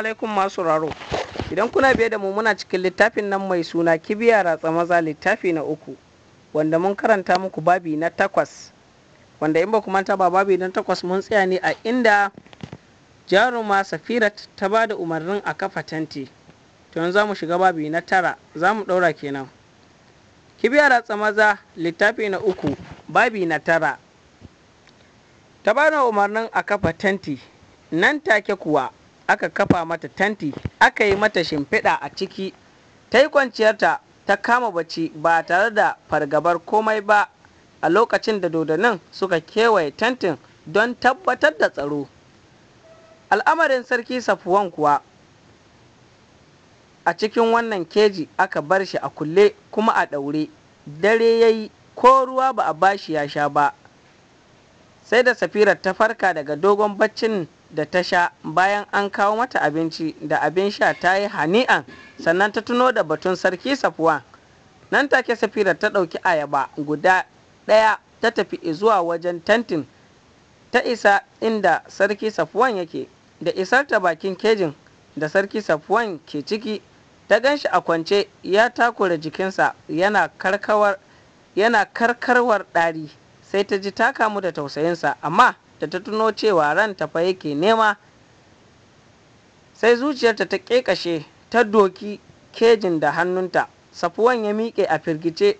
alaikum masu raro. Idan kuna biye da mu muna cikin littafin nan mai suna kibiya ratsa maza littafi na uku wanda mun karanta muku babi na takwas wanda in ba ku manta ba babi na takwas mun tsaya ne a inda jaruma safirat ta ba da umarnin a kafa tanti. To za mu shiga babi na tara za mu ɗaura kenan. Kibiya ratsa maza littafi na uku babi na tara. Ta ba da umarnin a kafa tanti. nan take kuwa aka kafa mata tanti aka yi mata shimfiɗa a ciki ta yi kwanciyarta ta kama bacci ba tare da fargabar komai ba a lokacin da dodannin suka kewaye tantin don tabbatar da tsaro al'amarin sarki safuwan kuwa a cikin wannan keji aka bar shi a kulle kuma a ɗaure dare ya yi ko ruwa ba a bashi ya sha ba sai da safirar ta farka daga dogon baccin da ta sha bayan an kawo mata abinci da abin sha ta yi hani'an sannan ta tuno da batun sarki Safuwa, nan take safira ta ɗauki ayaba guda ɗaya ta tafi zuwa wajen tantin ta isa inda sarki safuwan yake da isar ta bakin kejin da sarki safuwan ke ciki ta ganshi a kwance ya takura jikinsa yana karkarwar ɗari sai ta ji ta kamu da tausayinsa amma da ta tuno cewa ranta fa yake nema sai zuciyarta ta ƙeƙashe ta doki kejin da hannunta safuwan ya miƙe a firgice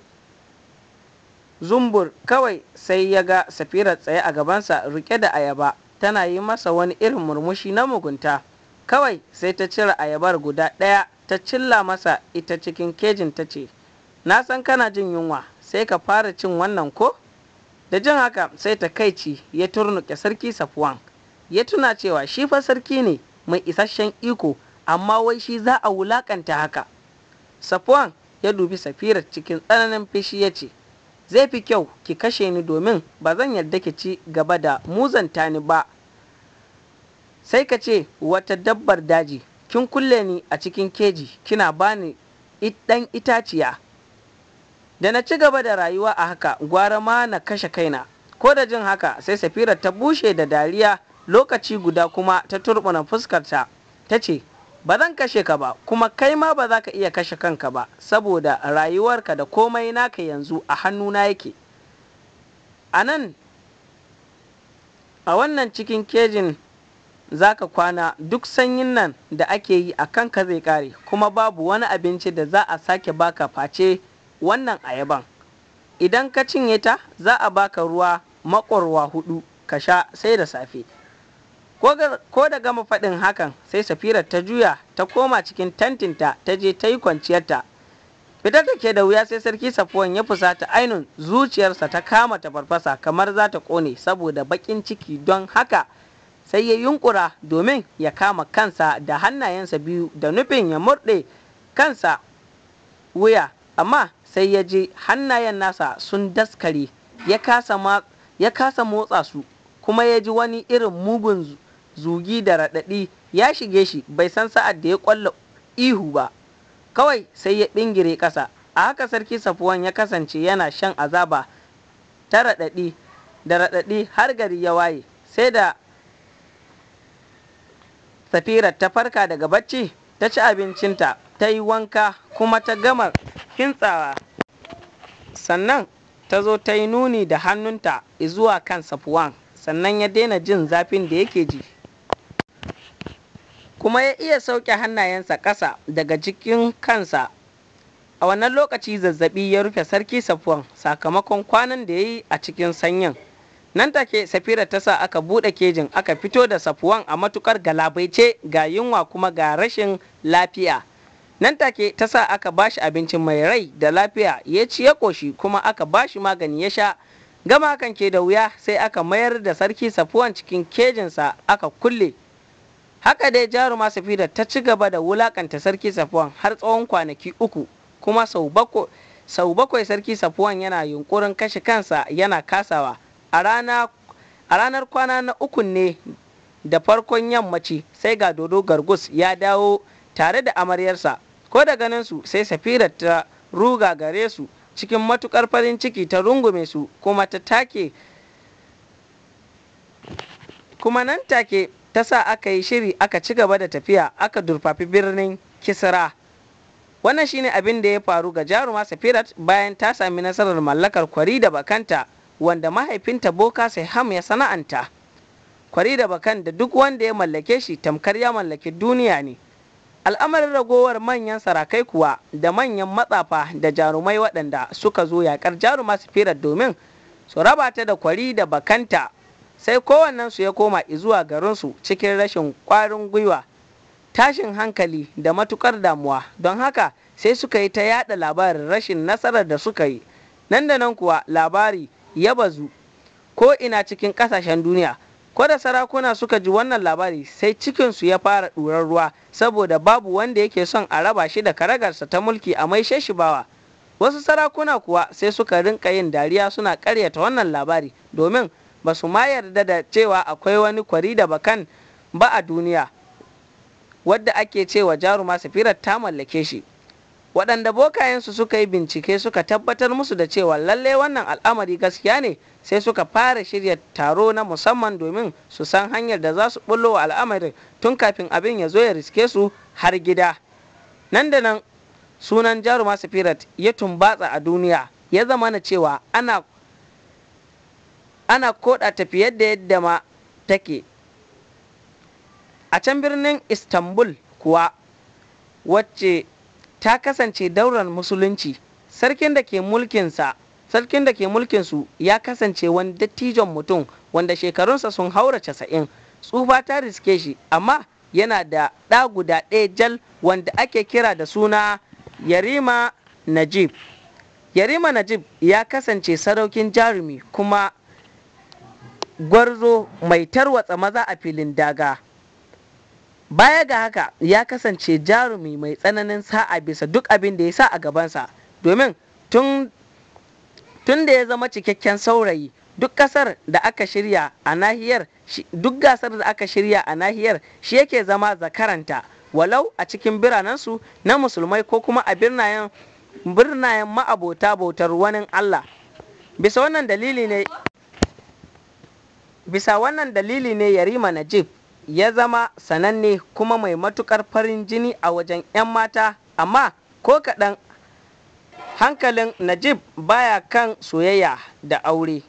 zumbur kawai sai ya ga safirar tsaye a gabansa rike da ayaba tana yi masa wani irin murmushi na mugunta kawai sai ta cire ayabar guda ɗaya ta cilla masa ita cikin kejin ta ce na san kana jin yunwa sai ka fara cin wannan ko da jin haka sai takaici ya turnuke sarki safuwan ya tuna cewa shi fa sarki ne mai isasshen iko amma wai shi za a wulakanta haka safuwan ya dubi safirar cikin tsananin fishi ya ce zai fi kyau ki kashe ni domin ba zan yarda ki ci gaba da muzanta ni ba sai ka ce wata dabbar daji kin kulle ni a cikin keji kina bani ɗan itaciya da na ci gaba da rayuwa a haka gwara ma na kashe kaina ko da jin haka sai safira ta bushe da dariya lokaci guda kuma ta na fuskarta ta ce ba zan kashe ka ba kuma kai ma ba za ka iya kashe kanka ba saboda rayuwarka da komai naka yanzu a hannuna yake a nan a wannan cikin kejin za ka kwana duk sanyin nan da ake yi a kanka zai kare kuma babu wani abinci da za a sake baka face wannan ayaban idan ka cinye ta za a baka ruwa makwarwa hudu ka sha sai da safe ko da gama faɗin hakan sai safirar ta juya ta koma cikin tantinta ta je ta yi kwanciyarta fitar da ke da wuya sai sarki safuwan ya fusata ainun zuciyarsa ta kama ta farfasa kamar za ta kone saboda baƙin ciki don haka sai ya yunkura domin ya kama kansa da hannayensa biyu da nufin ya murɗe kansa wuya amma sai ya ji hannayen nasa sun daskare ya kasa motsa su kuma ya ji wani irin mugun zugi da raɗaɗi ya shige shi bai san sa'ad da ya ƙwallo ihu ba kawai sai ya ɓingire ƙasa a haka sarki safuwan ya kasance yana shan azaba ta raɗaɗi da raɗaɗi har gari ya waye sai da safirar ta farka daga bacci ta ci abincinta ta yi wanka kuma ta gama kintsawa sannan ta zo ta yi nuni da hannunta zuwa kan safuwan sannan ya daina jin zafin da yake ji kuma ya iya sauke hannayensa ƙasa daga jikin kansa a wannan lokaci zazzabi ya rufe sarki safuwan sakamakon kwanan da ya yi a cikin sanyin nan take safira ta sa aka buɗe kejin aka fito da safuwan a matukar galabaice ga yunwa kuma ga rashin lafiya nan take ta sa aka bashi abincin mai rai da lafiya ya ci ya ƙoshi kuma aka bashi magani ya sha gama hakan ke da wuya sai aka mayar da sarki safuwan cikin kejinsa aka kulle haka dai jaruma safira ta ci gaba da wulakanta sarki safuwan har tsawon kwanaki uku kuma sau bakwai sarki safuwan yana yunkurin kashe kansa yana kasawa a ranar kwana na uku ne da farkon yammaci sai ga dodo gargus ya dawo tare da amaryarsa ko da ganin su sai Safirat ta ruga gare su cikin matukar farin ciki ta rungume su kuma ta take kuma nan take ta sa aka yi shiri aka ci gaba da tafiya aka durfafi birnin kisra wannan shine abin da ya faru ga jaruma safirat bayan ta sami nasarar mallakar kwari da bakanta wanda mahaifinta boka sai ham ya sana'anta kwari da bakan da duk wanda ya mallake shi tamkar ya mallaki duniya ne al'amarin ragowar manyan sarakai kuwa da manyan matsafa da jarumai waɗanda suka zo yaƙar jaruma su fira domin su raba ta da kwari da bakanta sai su ya koma izuwa garinsu cikin rashin ƙwarin gwiwa tashin hankali da matukar damuwa don haka sai suka yi ta yada labarin rashin nasarar da suka yi nan da nan kuwa labari ya bazu ko ina cikin ƙasashen duniya ko da sarakuna suka ji wannan labari sai cikinsu ya fara ɗurar ruwa saboda babu wanda yake son a raba shi da karagarsa ta mulki a maishe shi bawa wasu sarakuna kuwa sai suka rinka yin dariya suna karyata wannan labari domin ba su ma yarda da cewa akwai wani kwari da bakan ba a duniya wadda ake cewa jaruma safirar ta mallake shi waɗanda bokayensu suka yi bincike suka tabbatar musu da cewa lallai wannan al'amari gaskiya ne sai suka fara shirya taro na musamman domin su san hanyar da za su bullo wa al'amarin tun kafin abin ya zo ya riske su har gida nan da nan sunan jaruma spirit ya tumbatsa a duniya ya zama na cewa ana ana koda tafiyar da yadda ma take a can birnin istanbul kuwa wacce ta kasance daular musulunci sarkin da ke mulkinsa sarkin da ke mulkinsu ya kasance wani dattijon mutum wanda shekarunsa sun haura casa'in tsufa ta riske shi amma yana da ɗa guda ɗaya jal wanda ake kira da suna yarima najib yarima najib ya kasance saraukin jarumi kuma gwarzo mai tarwatsa maza a filin daga baya ga haka ya kasance jarumi mai tsananin sa'a bisa duk abin da ya sa a gabansa domin tun da ya zama cikakken saurayi duk kasar da aka shirya a nahiyar duk gasar da aka shirya a nahiyar shi yake zama zakaranta walau a cikin biranensu na musulmai ko kuma a birnayen birnayen ma'abota bautar wani Allah bisa wannan dalili ne bisa wannan dalili ne yarima najib ya zama sananne kuma mai matukar farin jini a wajen 'yan mata amma ko kaɗan hankalin najib baya kan soyayya da aure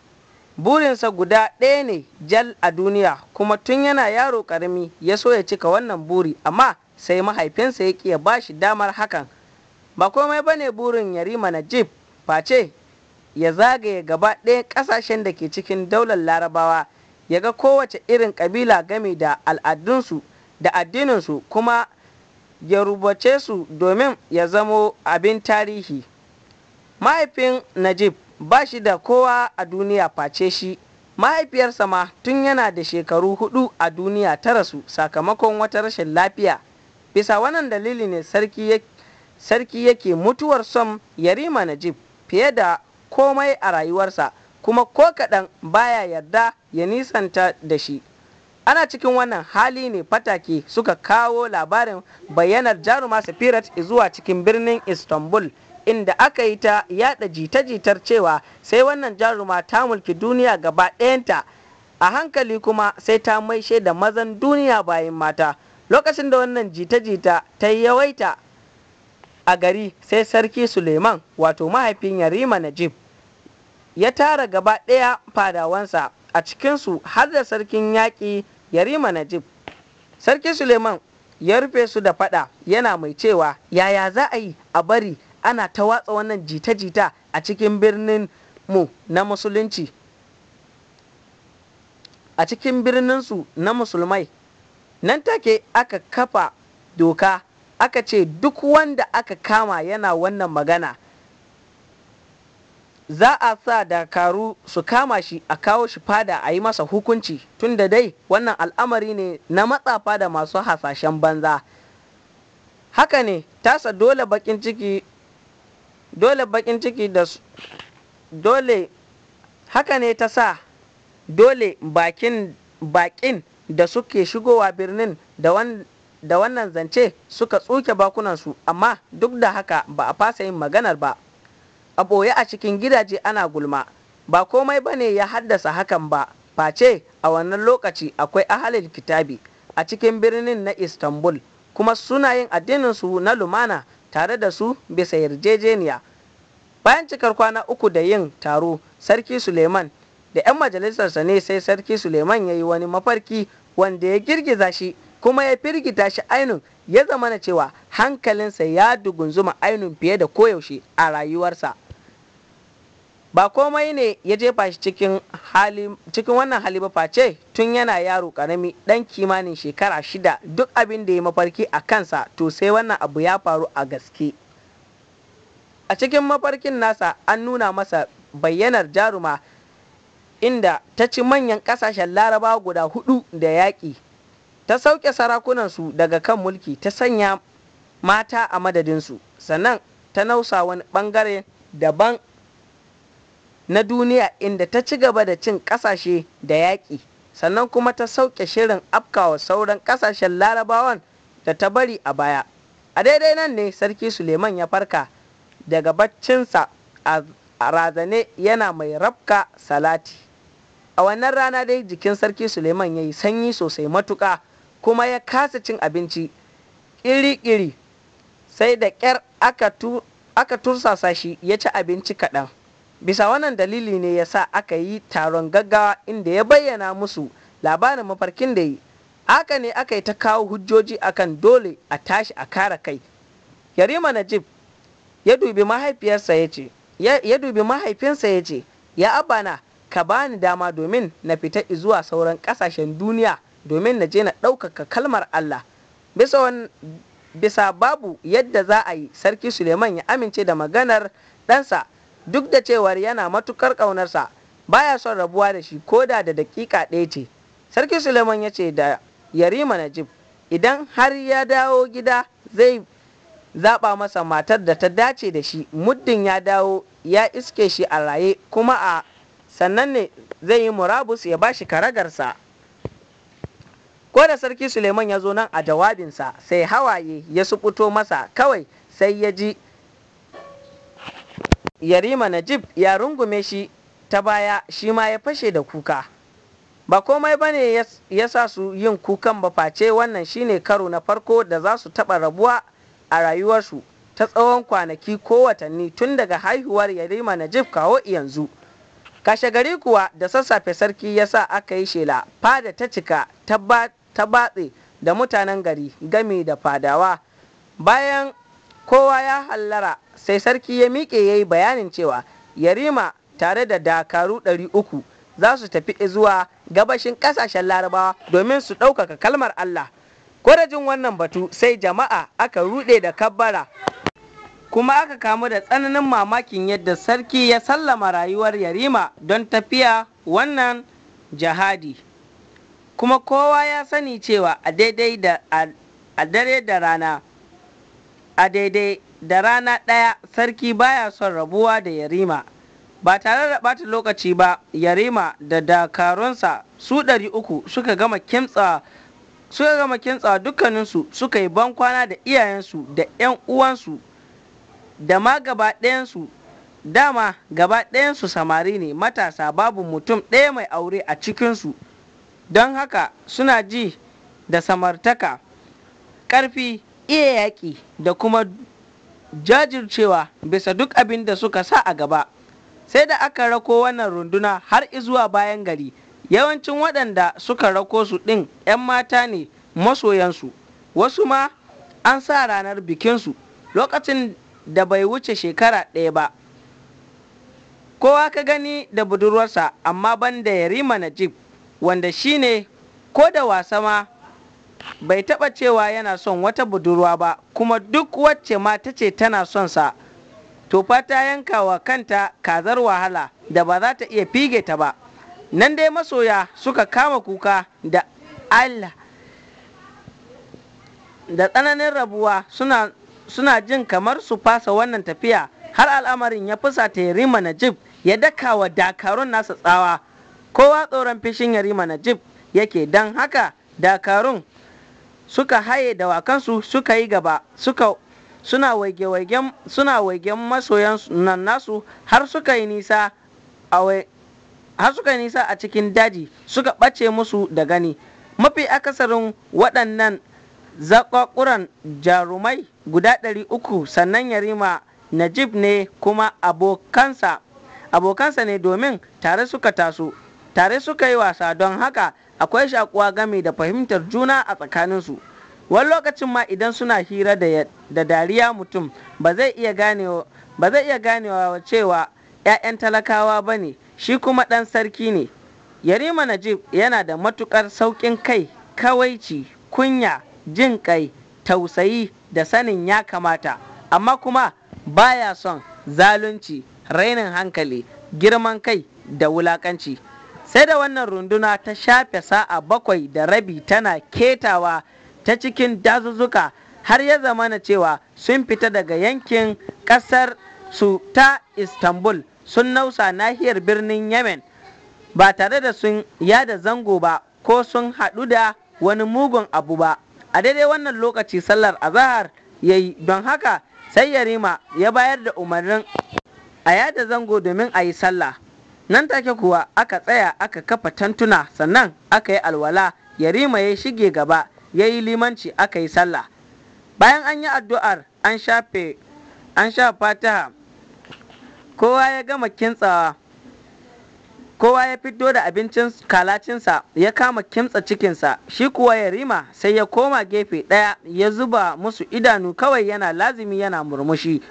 burinsa guda ɗaya ne jal a duniya kuma tun yana yaro ƙarami ya so ya cika wannan buri amma sai mahaifinsa ya ya ba shi damar hakan ba komai ba ne burin yarima najib face ya zagaye gaba ɗaya ƙasashen da ke cikin daular larabawa ya ga kowace irin kabila game da al'adunsu da addininsu kuma ya rubuce su domin ya zamo abin tarihi mahaifin najib ba shi da kowa a duniya face shi mahaifiyarsa ma tun yana da shekaru hudu a duniya ta rasu sakamakon wata rashin lafiya bisa wannan dalili ne sarki yake mutuwar son yarima najib fiye da komai a rayuwarsa kuma ko kaɗan baya yarda ya nisanta da shi ana cikin wannan hali ne fatake suka kawo labarin bayyanar jaruma spirit zuwa cikin birnin istanbul inda aka yi ta yada jita-jitar cewa sai wannan jaruma ta mulki duniya gaba ɗayanta a hankali kuma sai ta maishe da mazan duniya bayan mata lokacin da wannan jita-jita ta yi yawaita a gari sai sarki suleiman wato mahaifin yarima najib ya tara gaba ɗaya fadawansa a cikinsu har da sarkin yaƙi yarima najib sarki suleiman ya rufe su da fada yana mai cewa yaya za a yi a bari ana ta watsa wannan jita-jita a cikin birnin mu na musulunci a cikin birninsu na musulmai nan take aka kafa doka aka ce duk wanda aka kama yana wannan magana za a sa dakaru su kama shi a kawo shi fada a yi masa hukunci tun da dai wannan al'amari ne na matsafa da masu hasashen banza haka ne tasa dole bakin ciki dole bakin ciki da dole haka ne ta sa dole bakin bakin da suke shigowa birnin da wani da wannan zance suka tsuke bakunansu amma duk da haka ba a fasa yin maganar ba a ɓoye a cikin gidaje ana gulma ba komai ba ne ya haddasa hakan ba face a wannan lokaci akwai ahalin kitabi a cikin birnin na istanbul kuma suna yin addininsu na lumana tare da su bisa yarjejeniya bayan cikar kwana uku da yin taro sarki suleiman da 'yan majalisarsa ne sai sarki suleiman ya yi wani mafarki wanda ya girgiza shi kuma ya firgita shi ainun ya zama zamana cewa hankalinsa ya dugunzuma ainun fiye da koyaushe a rayuwarsa ba komai ne ya jefa shi cikin wannan hali ba face tun yana yaro karami dan kimanin shekara shida duk abin da ya mafarki a kansa to sai wannan abu ya faru a gaske a cikin mafarkin nasa an nuna masa bayyanar jaruma inda ta ci manyan kasashen laraba guda hudu da yaƙi ta sauke sarakunansu daga kan mulki ta sanya mata a madadinsu sannan ta nausa wani bangare daban na duniya inda ta ci gaba da cin kasashe da yaƙi sannan kuma ta sauke shirin afkawa sauran kasashen larabawan da ta bari a baya a daidai nan ne sarki suleiman ya farka daga baccinsa a razane yana mai rafka salati a wannan rana dai jikin sarki suleiman ya yi sanyi sosai matuƙa kuma ya kasa cin abinci ƙiri-ƙiri sai da ƙyar aka tursasa shi ya ci abinci kaɗan bisa wannan dalili ne ya sa aka yi taron gaggawa inda ya bayyana musu labarin mafarkin da yi haka ne aka yi ta kawo hujjoji akan dole a tashi a kara kai yarima najib ya dubi mahaifinsa ya ce ya abana ka bani dama domin na fita zuwa sauran kasashen duniya domin na je na ɗaukaka kalmar Allah bisa babu yadda za a yi sarki suleiman ya amince da maganar ɗansa duk da cewar yana matukar ƙaunarsa baya son rabuwa da shi ko da da daƙiƙa ɗaya ce sarki suleiman ya ce da yarima najib idan har ya dawo gida zai zaɓa masa matar da ta dace da shi muddin ya dawo ya iske shi a raye kuma a sannan ne zai yi murabus ya bashi karagarsa ko da sarki suleiman ya zo nan a jawabinsa sai hawaye ya suɓuto masa kawai sai ya ji yarima najib ya rungume shi ta baya shi ma ya fashe da kuka ba komai ba ne ya sa su yin kukan ba face wannan shine karo na farko da za su taɓa rabuwa a rayuwarsu ta tsawon kwanaki ko watanni tun daga haihuwar yarima najib kawo yanzu kashe gari kuwa da sassafe sarki ya sa aka yi shela fada ta cika ta batse da mutanen gari game da fadawa bayan kowa ya hallara sai sarki ya miƙe ya yi bayanin cewa yarima tare da dakaru 300 za su tafi zuwa gabashin ƙasashen larabawa domin su ɗaukaka kalmar Allah. Kwarajin wannan batu sai jama'a aka ruɗe da kabbara kuma aka kamu da tsananin mamakin yadda sarki ya sallama rayuwar yarima don tafiya wannan jihadi. Kuma kowa ya sani cewa a daidai da da rana a daidai da rana ɗaya sarki baya son rabuwa da yarima ba tare da ɓata lokaci ba yarima da dakarunsa su ɗari uku suka gama kimtsa suka gama kintsa dukkaninsu suka yi bankwana da iyayensu da 'yan uwansu da ma gaba ɗayansu dama gaba ɗayansu samari ne matasa babu mutum ɗaya mai aure a cikinsu don haka suna ji da samartaka ƙarfi iya yaƙi da kuma jajircewa bisa duk abin da suka sa a gaba sai da aka rako wannan runduna har izuwa bayan gari yawancin waɗanda suka rako su ɗin 'yan mata ne masoyansu wasu ma an sa ranar bikinsu lokacin da bai wuce shekara ɗaya ba kowa ka gani da budurwarsa amma ban da yarima najib wanda shine ko da wasa ma bai taɓa cewa yana son wata budurwa ba kuma duk wacce mata ce tana son sa to fa ta yanka wa kanta kazar wahala da ba za ta iya fige ta ba nan dai masoya suka kama kuka da Allah da tsananin rabuwa suna, suna jin kamar su fasa wannan tafiya har al'amarin ya fusata yarima najib ya daka wa dakarun nasa tsawa kowa tsoron fishin yarima najib yake don haka dakarun suka haye dawakansu suka yi gaba suka suna waigen masoyan nan nasu har suka yi nisa a cikin daji suka ɓace musu da gani mafi akasarin waɗannan zakwakuran jarumai guda ɗari uku sannan yarima najib ne kuma abokansa abokansa ne domin tare suka taso tare suka yi wasa don haka akwai shakuwa game da fahimtar juna a tsakaninsu wani lokacin ma idan suna hira da dariya mutum ba zai iya ganewa cewa 'ya'yan talakawa ba ne shi kuma ɗan sarki ne yarima najib yana da matukar sauƙin kai kawaici kunya jin kai tausayi da sanin ya kamata amma kuma baya son zalunci rainin hankali girman kai da wulakanci sai da wannan runduna ta shafe sa'a bakwai da rabi tana ketawa ta cikin dazuzzuka har ya zama na cewa sun fita daga yankin ƙasar su ta istanbul sun nausa nahiyar birnin yemen ba tare da sun yada zango ba ko sun haɗu da wani mugun abu ba a daidai wannan lokaci sallar azahar ya yi don haka sai yarima ya bayar da umarnin a yada zango domin a yi sallah nan take kuwa aka tsaya aka kafa tantuna sannan aka yi alwala yarima ya shige gaba ya yi limanci aka yi sallah bayan an yi addu'ar an shafe an sha fataha kowa ya gama kintsawa kowa ya fito da abincin kalacinsa ya kama kimtsa cikinsa shi kuwa ya rima sai ya koma gefe ɗaya ya zuba musu idanu kawai yana lazimi yana murmushi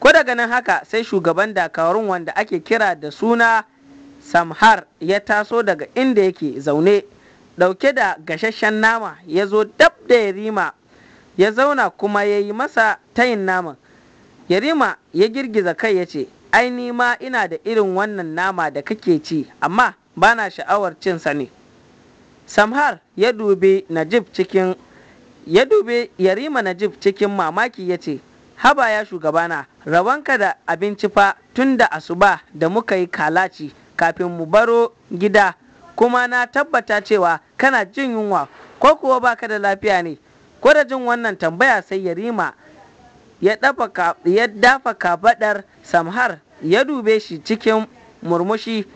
ko daga nan haka sai shugaban dakarun wanda ake kira da suna samhar ya taso daga inda yake zaune ɗauke da gashashen nama ya zo dab da yarima ya zauna kuma ya yi masa tayin naman yarima ya girgiza kai ya ce ai ni ma ina da irin wannan nama da kake ci amma bana sha'awar cinsa ne samhar ya dubi najib cikin ya dube yarima najib cikin mamaki ya ce haba ya shugabana rabanka da abinci fa tun da asuba da muka yi kalaci kafin mu baro gida kuma na tabbata cewa kana jin yunwa ko kuwa baka da lafiya ne ko da jin wannan tambaya sai ya rima ya dafa kabaɗar samhar ya dube shi cikin murmushi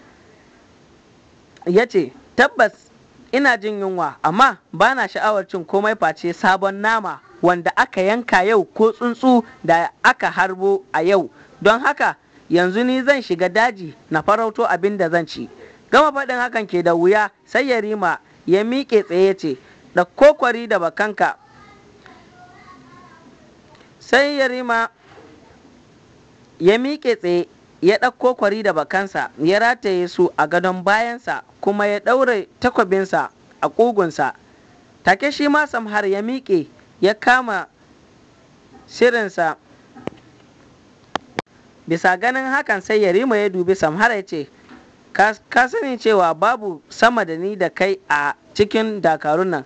ya ce tabbas ina jin yunwa amma ba na sha'awar cin komai face sabon nama wanda aka yanka yau ko tsuntsu da aka harbo a yau don haka yanzu ni zan shiga daji na farauto abin da zan ci gama faɗin hakan ke da wuya sai ya rima ya miƙe tsaye ce da kokwari da bakanka sai ya rima ya miƙe tsaye ya ɗauko kwari da bakansa ya rataye su a gadon bayansa kuma ya ɗaure takwabinsa a ƙugunsa take shi ma samhar ya miƙe ya kama shirinsa bisa ganin hakan sai yarima ya dubi samhara ya ce ka sani cewa babu sama da ni da kai a cikin dakarun nan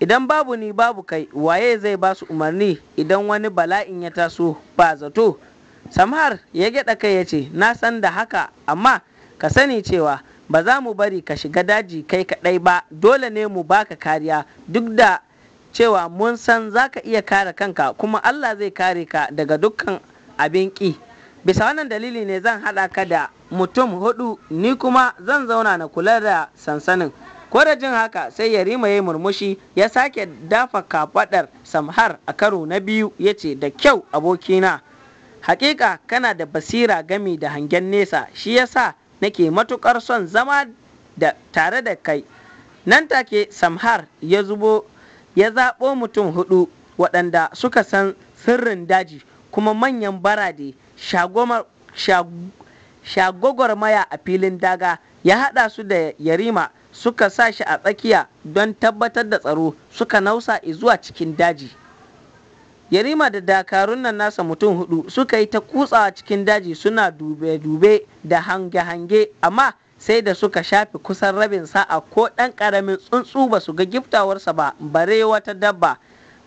idan babu ni babu kai waye zai ba su umarni idan wani bala'in ya taso ba zato samhar ya gyaɗa kai ya ce na san da haka amma ka sani cewa ba za mu bari ka shiga daji kai kaɗai ba dole ne mu baka kariya duk da cewa mun san za ka iya kare kanka kuma allah zai kare ka daga dukkan abin ƙi bisa wannan dalili ne zan haɗa ka da mutum hudu ni kuma zan zauna na kula da sansanin ko da jin haka sai yarima ya murmushi ya sake dafa kafaɗar samhar a karo na biyu ya ce da kyau abokina Haƙiƙa kana da basira gami da hangen nesa shi yasa nake matuƙar son zama da tare da kai nan take samhar ya zubo ya zaɓo mutum hudu waɗanda suka san sirrin daji kuma manyan barade shagogwarmaya a filin daga ya haɗa su da yarima suka sa shi a tsakiya don tabbatar da tsaro suka nausa zuwa cikin daji yarima da dakarun nan nasa mutum hudu suka yi ta kutsawa cikin daji suna dube-dube da hange-hange amma sai da suka shafi kusan rabin sa'a ko ɗan ƙaramin tsuntsu ba su ga giftawarsa ba bare wata dabba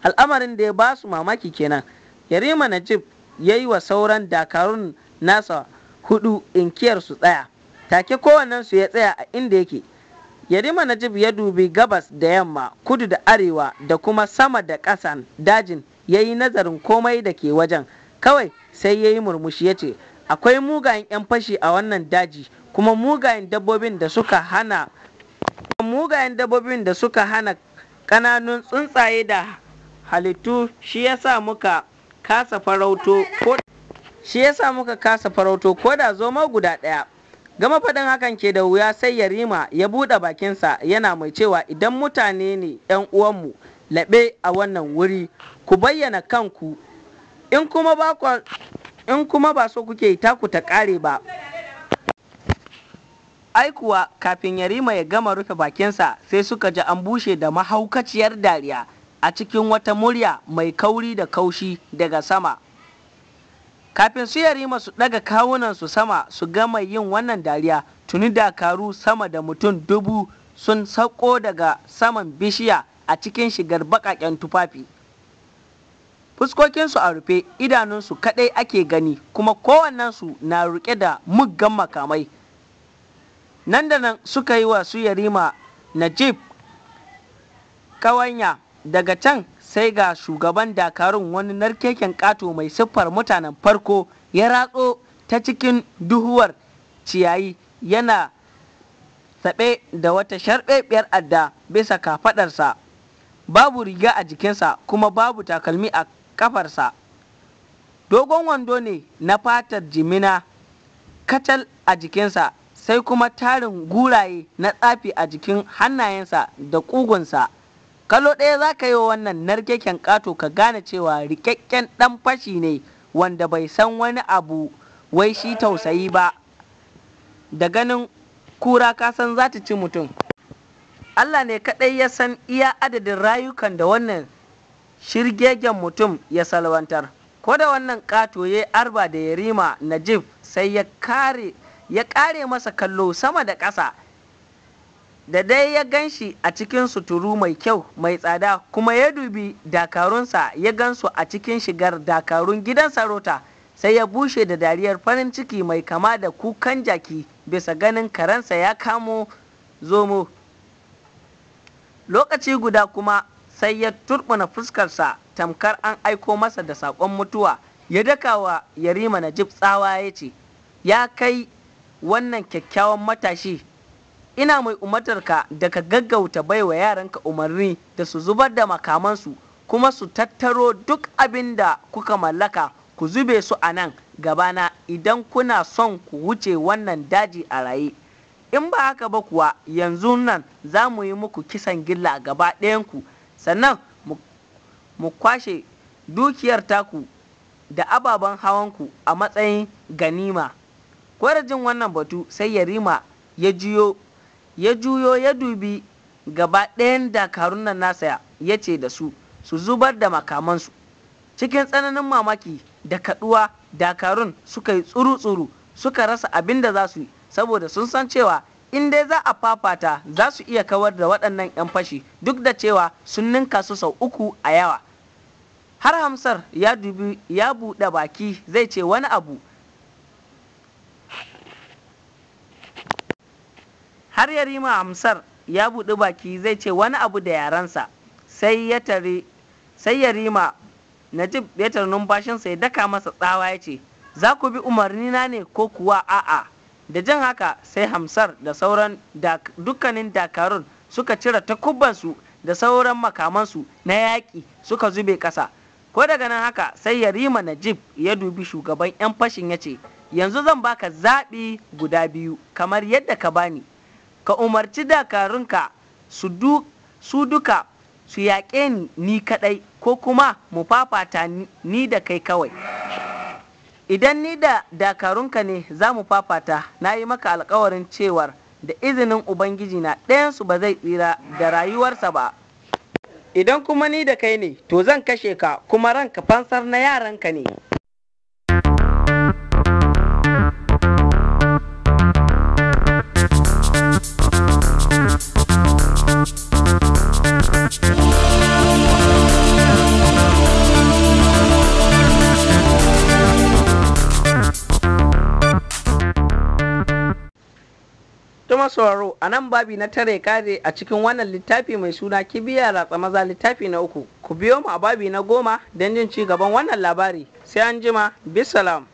al'amarin da ya ba su mamaki kenan yarima najib ya yi wa sauran dakarun nasa hudu inkiyar su tsaya take su ya tsaya a inda yake yarima najib ya dubi gabas da yamma kudu da arewa da kuma sama da ƙasan dajin ya yi nazarin komai da ke wajen kawai sai ya yi murmushi ya ce akwai mugayen 'yan fashi a wannan daji kuma mugayen dabbobin da suka hana mugayen dabbobin da suka hana ƙananun tsuntsaye da halittu shi yasa muka kasa farauto ko shi yasa muka kasa farauto ko da zoma guda ɗaya gama faɗin hakan ke da wuya sai yarima ya buɗe bakinsa yana mai cewa idan mutane ne 'yan uwanmu laɓe a wannan wuri ku bayyana kanku in kuma ba in kuma ba so kuke taku ta ƙare ba ai kuwa kafin yarima ya gama rufe bakinsa sai suka ji an bushe da mahaukaciyar dariya a cikin wata murya mai kauri da kaushi daga sama kafin su yarima su daga kawunansu sama su ga gama yin wannan dariya tuni dakaru sama da mutum dubu sun sauko daga saman bishiya a cikin shigar baƙaƙen tufafi fuskokinsu a rufe idanunsu kaɗai ake gani kuma kowannensu na ruƙe da muggan makamai nan da nan suka yi wa su yarima najib kawanya daga can sai ga shugaban dakarun wani narkeken ƙato mai siffar mutanen farko ya ratso ta cikin duhuwar ciyayi yana taɓe da wata sharɓeɓiyar adda bisa kafaɗarsa babu riga a jikinsa kuma babu takalmi a ƙafarsa. dogon wando ne na fatar jimina kacal a jikinsa sai kuma tarin guraye na tsafi a jikin hannayensa da ƙugunsa Kalo ɗaya za ka yi wannan narkeken ƙato ka gane cewa rikakken ɗan fashi ne wanda bai san wani abu wai shi tausayi ba da ganin kura ka san za ta ci mutum allah ne kaɗai ya san iya adadin rayukan da wannan shirgegen mutum ya salwantar ko da wannan ƙato ya arba da yarima najib sai ya kare masa kallo sama da ƙasa da dai ya gan shi a cikin suturu mai kyau mai tsada kuma ya dubi dakarunsa ya gansu a cikin shigar dakarun gidan sarauta sai ya bushe da dariyar farin ciki mai kama da kukan jaki bisa ganin karensa ya kamo zomo lokaci guda kuma sai ya turbuna fuskarsa tamkar an aiko masa da saƙon mutuwa ya dakawa yarima najib tsawa ya ce ya kai wannan kyakkyawan matashi ina mai umartarka da ka gaggauta baiwa yaranka umarni da su zubar da makamansu kuma su tattaro duk abin da kuka mallaka ku zube su a nan gabana idan kuna son ku wuce wannan daji a raye in ba haka ba kuwa yanzu nan za mu yi muku kisan gilla gaba ɗayanku sannan mu kwashe dukiyar taku da ababen hawanku a matsayin ganima jin wannan batu sai yarima ya jiyo ya juyo ya dubi gaba ɗayan dakarun nan nasa ya ce da su su zubar da makamansu cikin tsananin mamaki da kaduwa dakarun suka yi tsuru-tsuru suka rasa abin da za su yi saboda sun san cewa in dai za a fafata za su iya kawar da waɗannan 'yan fashi duk da cewa sun ninka su sau uku a yawa har hamsar ya dubi ya buɗe baki zai ce wani abu har yarima amsar ya buɗi baki zai ce wani abu da yarensa sai ya tare sai yarima najib ya tare numfashinsa ya daka masa tsawa ya ce za ku bi umarnina ne ko kuwa a'a da jan haka sai hamsar da sauran dukkanin dakarun suka cire takubansu da sauran makamansu na yaƙi suka zube ƙasa ko daga nan haka sai yarima najib ya dubi shugaban 'yan fashin ya ce yanzu zan baka zaɓi guda biyu kamar yadda ka bani ka umarci dakarunka su duka su yaƙe ni ni kaɗai ko kuma mu fafata ni da kai kawai idan ni da dakarunka ne za mu fafata na yi maka alkawarin cewar da izinin ubangiji na ɗayansu ba zai tsira da rayuwarsa ba idan kuma ni da kai ne to zan kashe ka kuma ranka fansar na yaranka ne sauraro a nan babi na tare kare a cikin wannan littafi mai suna kibiya ratsa maza littafi na uku ku biyo mu a babi na goma don jin ci gaban wannan labari sai an jima bisalam